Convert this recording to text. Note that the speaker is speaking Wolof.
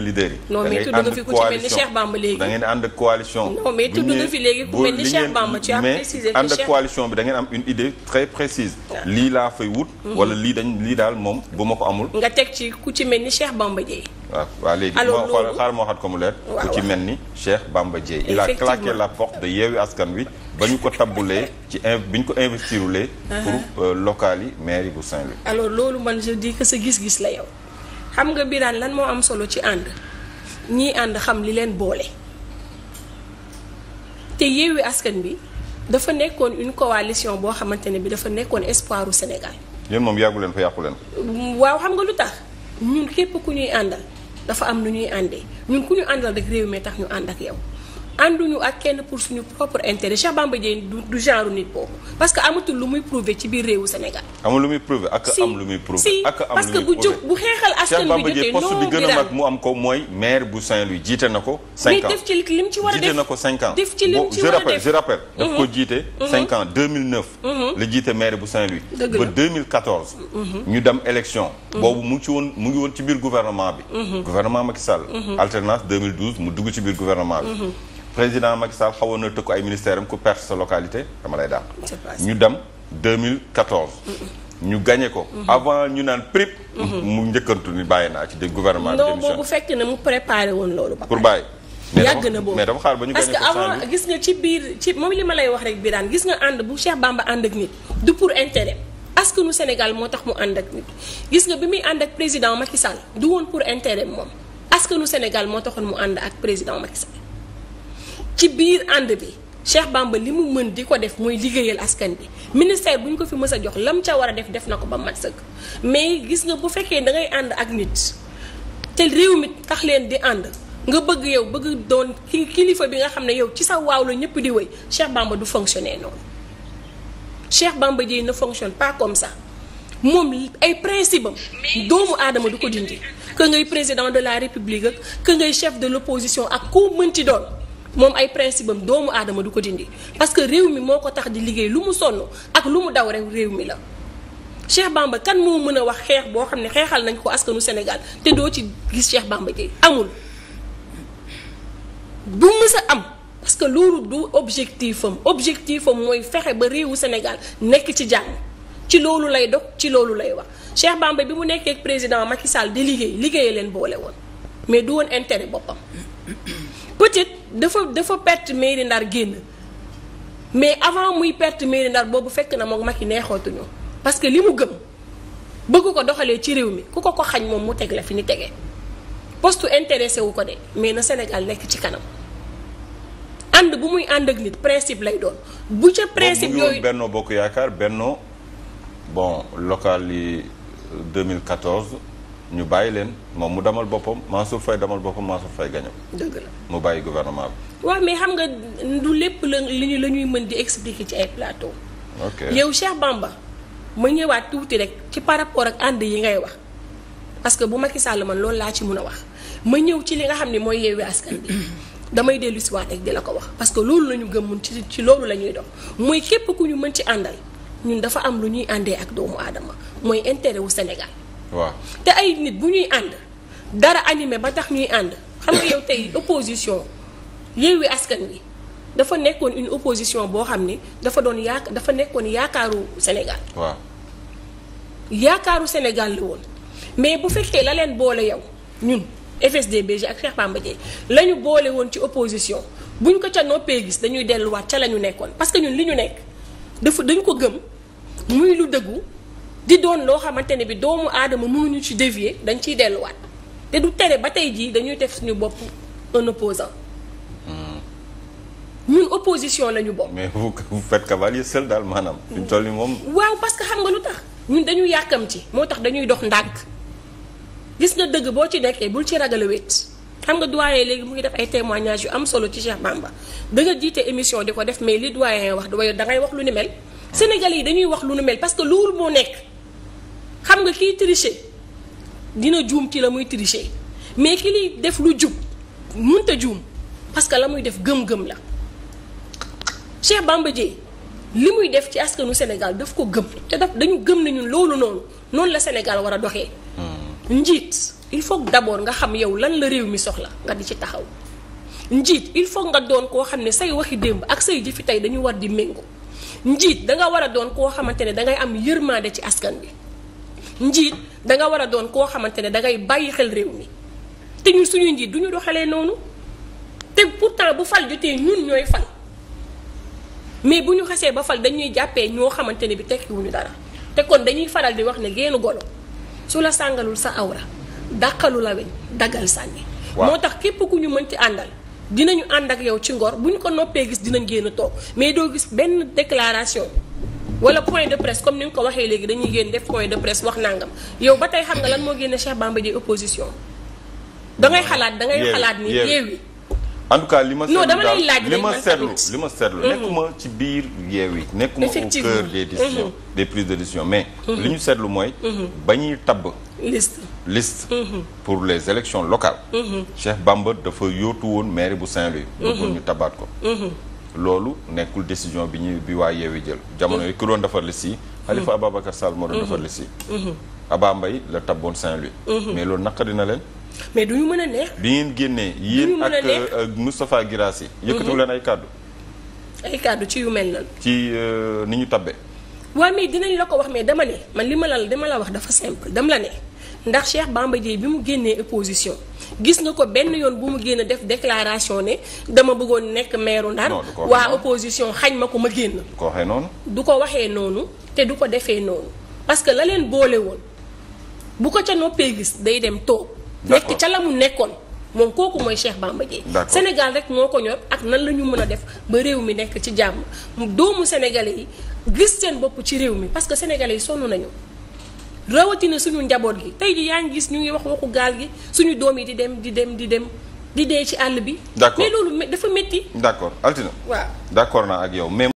leader yi. non mais tudd nga fi ku ci mel ni Cheikh Bamba léegi. da ngeen ànd coalition. non mais fi léegi ku mel ni Cheikh Bamba. ci am bi da am une idée lii laa fay wut. Mhm. wala lii dañ lii daal moom bu ma ko amul. nga teg ci ku ci mel ni Cheikh Bamba Dièye. waaw waaw léegi moo xaar moo xat ko mu leer. ci mel ni Cheikh Bamba Dièye. a claqué la porte de Yewwi Askan Wi. ba ñu ko tabbulee ci in bi ko investirulee. Uh-huh. pour euh, locales yi mairie bu Saint-Louis. alors loolu man je dis que sa gis-gis la yow xam nga biraan lan moo am solo ci ànd ñiy ànd xam li leen boole te Yewwi Askan bi dafa nekkoon une coalition boo xamante ne bi dafa nekkoon espoir u Sénégal. moom yàggu leen fa yàqu leen. waaw xam nga lu tax ñun képp ku ñuy àndal dafa am lu ñuy àndee ñun ku ñu àndal rek réew mi tax ñu ànd ak yow. ànduñu ak kenn pour suñu propre intérêt Cheikh Bamba du genre nit boobu parce que amatul lu muy prouver ci biir réewu Sénégal. amul lu muy prouver ak am lu muy prouver ak am lu muy prouver parce bi gën a mag mu am ko mooy maire bu Saint-Louis jiite na ko. 5 ans def ci li mu ci jiite na ko 5 ans. li daf mm-hmm. ko jiite 5 mm-hmm. ans 2009. Mm-hmm. la jiite maire bu Saint-Louis. dëgg la ba 2014. ñu dem élection. boobu mu ngi ci woon mu ngi woon ci biir gouvernement bi. gouvernement ma Sall. alternance 2012 mu dugg ci biir gouvernement président Macky Sall xawoon na tëkku ay ministère am ku perte sa localité dama lay dàq ñu dem 2014 ñu gagné ko. avant ñu naan prip. Mm-hmm. mu njëkkantu ni bàyyi naa ci de gouvernement. non boobu fekk na pour bàyyi. yàgg na boobu mais dafa xaar ba ñu. parce que avant gis nga ci biir moom li ma lay wax rek bi daan gis nga ànd bu Cheikh Bamba ànd ak nit. du pour intérêt askanu Sénégal moo tax mu ànd ak nit gis nga bi muy ànd ak président Macky Sall du woon pour intérêt moom askanu Sénégal moo taxoon mu ànd ak président Macky ci biir ànd bi Cheikh Bamba li mu mën di ko def mooy liggéeyal askan bi ministère bu ñu ko fi mës a jox lam ca war a def def na ko ba mat sëkk mais gis nga bu fekkee da ngay ànd ak nit te réew mi tax leen di ànd nga bëgg yow bëgg doon kilifa bi nga xam ne yow ci sa waaw la ñëpp di wéy Cheikh Bamba du fonctionner noonu Cheikh Bamba Dièye na fonctionne pas comme ça moom ay principe am doomu aadama du ko dindi que ngay président de la république ak ngay chef de l'opposition ak koo mënti doon moom ay principe doomu aadama du ko dindi parce que réew mi moo ko tax di liggéey lu mu sonn ak lu mu daw rek réew mi la Cheikh Bamba kan moo mën a wax xeex boo xam ne xeexal nañ ko askanu Sénégal te doo ci gis Cheikh Bamba Dièye amul bu mës am parce que loolu du objectif am objectif am mooy fexe ba réewu Sénégal nekk ci jàmm ci loolu lay dox ci loolu lay wax Cheikh Bamba bi mu nekkee président Macky Sall di liggéey liggéeye leen boole woon mais du woon intérêt boppam dafa dafa perte mairie Ndar génn mais avant muy perte mairie Ndar boobu fekk na moom Macky neexootuñu parce que li mu gëm bëgg ko doxalee ci réew mi ku ko ko xañ moom mu teg la fi ni tegee poste intéressé wu ko de mais na Sénégal nekk ci kanam ànd bu muy ànd ak nit principe lay doon bu ca principe yooyu bennoo Bokk Yaakaar Benno bon local yi 2014 euh, ñu bàyyi leen moom mu damal boppam Mansour Faye damal boppam Mansour Faye gañam dëgg la mu bàyyi gouvernement bi. waaw mais xam nga du lépp la li la ñuy mën di expliquer ci ay plateau. ok yow Cheikh Bamba ma ñëwaat tuuti rek ci par rapport ak ànd yi ngay wax parce que bu Macky sàll man loolu laa ci mun a wax ma ñëw ci li nga xam ne mooy yeewi askan bi damay dellu si waat rek di la ko wax. parce que loolu la ñu gëm mun ci ci loolu la ñuy dox mooy képp ku ñu mën ci àndal ñun dafa am lu ñuy àndee ak doomu aadama mooy intérêt wu Sénégal. waaw te ay nit bu ñuy ànd dara animé ba tax ñuy ànd xam nga yow tey opposition Yewwi Askan Wi dafa nekkoon une opposition boo xam ni dafa doon yaaka dafa nekkoon yaakaaru Sénégal. yaakaaru Sénégal la woon mais bu fekkee la leen boole yow ñun FSD/BJ ak Cheikh Bamba Dièye la ñu boole woon ci opposition buñ ko ca noppee gis dañuy delluwaat ca la ñu nekkoon parce que ñun li ñu nekk dafa dañ ko gëm muy lu dëggu. di doon loo xamante ne bi doomu aadama mënuñu ci dévier dañ ciy delluwaat te du tere ba tey jii dañuy def suñu bopp un opposant hmm. ñun opposition la ñu bokk. mais vous vous faites cavalier seul daal maanaam. fi mu toll nii moom. waaw parce que xam nga lu tax ñun dañuy yàkkamti moo tax dañuy dox ndànk gis nga dëgg boo ci nekkee bul ci ragal a wéet xam nga doyen léegi mu ngi def ay témoignages yu am solo ci Cheikh Bamba da nga jiite émission di ko def mais li doyen wax da ngay wax lu ni mel. Hmm. Sénégalais yi dañuy wax lu ni mel parce que loolu moo nekk. xam nga kiy tricher dina juum ci la muy tricher mais ki liy def lu jub munta juum parce que la muy def gëm-gëm la Cheikh Bamba Dièye li muy def ci askanu Sénégal daf ko gëm te daf dañu gëm ne loolu noonu noonu la Sénégal war a doxee. Hmm. njiit il faut d'abord nga xam yow lan la réew mi soxla nga di ci taxaw. njiit il faut nga doon koo xam ne say waxi démb ak say jëfi tey dañu war di méngoo njiit danga war a doon koo xamante ne dangay am yërmaande ci askan bi. njiit da nga war a doon koo xamante ne da ngay bàyyi xel réew mi te ñun suñuy njiit du ñu doxalee noonu te pourtant bu fal jotee ñun ñooy fal mais bu ñu xasee ba fal dañuy jàppee ñoo xamante ne bi tekkiwuñu dara te kon dañuy faral di wax ne génn golo su la sàngalul sa awra dàqalu la weñ daggal sànni. moo tax képp ku ñu mënti àndal. dinañu ànd ak yow ci ngor bu ñu ko noppee gis dinañ génn toog mais doo gis benn déclaration. wala point de presse comme ni nga ko waxee léegi dañuy génn def point de presse wax nangam yow ba tey xam nga lan moo génne Cheikh Bamba Dièye opposition dangay xalaat dangay xalaat ni yeewi en tout li ma seetlu dama lay laaj li ma seetlu li ma seetlu nekkuma ci biir yeewi nekkuma au cœur des décisions mhm. des prises de décision mais mhm. li ñu seetlu mooy mhm. ba ñuy tabb liste liste pour les élections locales Cheikh Bamba dafa yóotu woon maire bu Saint-Louis bëggoon ñu tabaat ko loolu nekkul décision bi ñu bi waa yeewi jël jamono yi ku doon defar liste yi Khalifa Ababacar Sall moo doon mhm. defar liste yi mhm. Aba Mbaye la tabboon Saint-Louis mhm. mais loolu naqari na leen mais du ñu mën a neex bi ngeen génnee yéen ak euh, Moustapha Guirassy yëkkatiwu leen ay kàddu ay kàddu ci yu mel nan ci euh, ni ñu tabbee waaw mais dinañ la ko wax mais dama ne man li ma la dama la wax dafa simple dama la ne ndax Cheikh Bamba Dièye bi mu génnee opposition gis nga ko benn yoon bu mu génn def déclaration ne dama bëggoon nekk meeru Ndar waa opposition xañ ma ko ma génn du ko waxee noonu te du ko defee noonu parce que la leen boole woon bu ko ca noppee gis day dem toog nekk ca la mu nekkoon moom kooku mooy Cheikh Bamba Dièye Sénégal rek moo ko ñor ak nan la ñu mën a def ba réew mi nekk ci jàmm doomu sénégalais yi gis seen bopp ci réew mi parce que sénégalais yi sonn nañu rawatina suñu njaboot gi tey ji yaa ngi gis ñu ngi wax waxu gaal gi suñu doom yi di dem di dem di dem di dee ci àll bi mais loolu dafa métti d'accord altina waaw d'accord naa ak yow